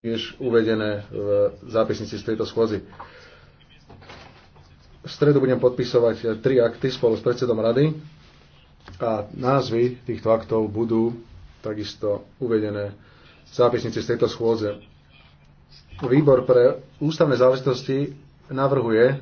tiež uvedené v zápisnici z tejto schôzy. V stredu budem podpisovať tri akty spolu s predsedom rady a názvy týchto aktov budú takisto uvedené v zápisnici z tejto schôdze. Výbor pre ústavné záležitosti navrhuje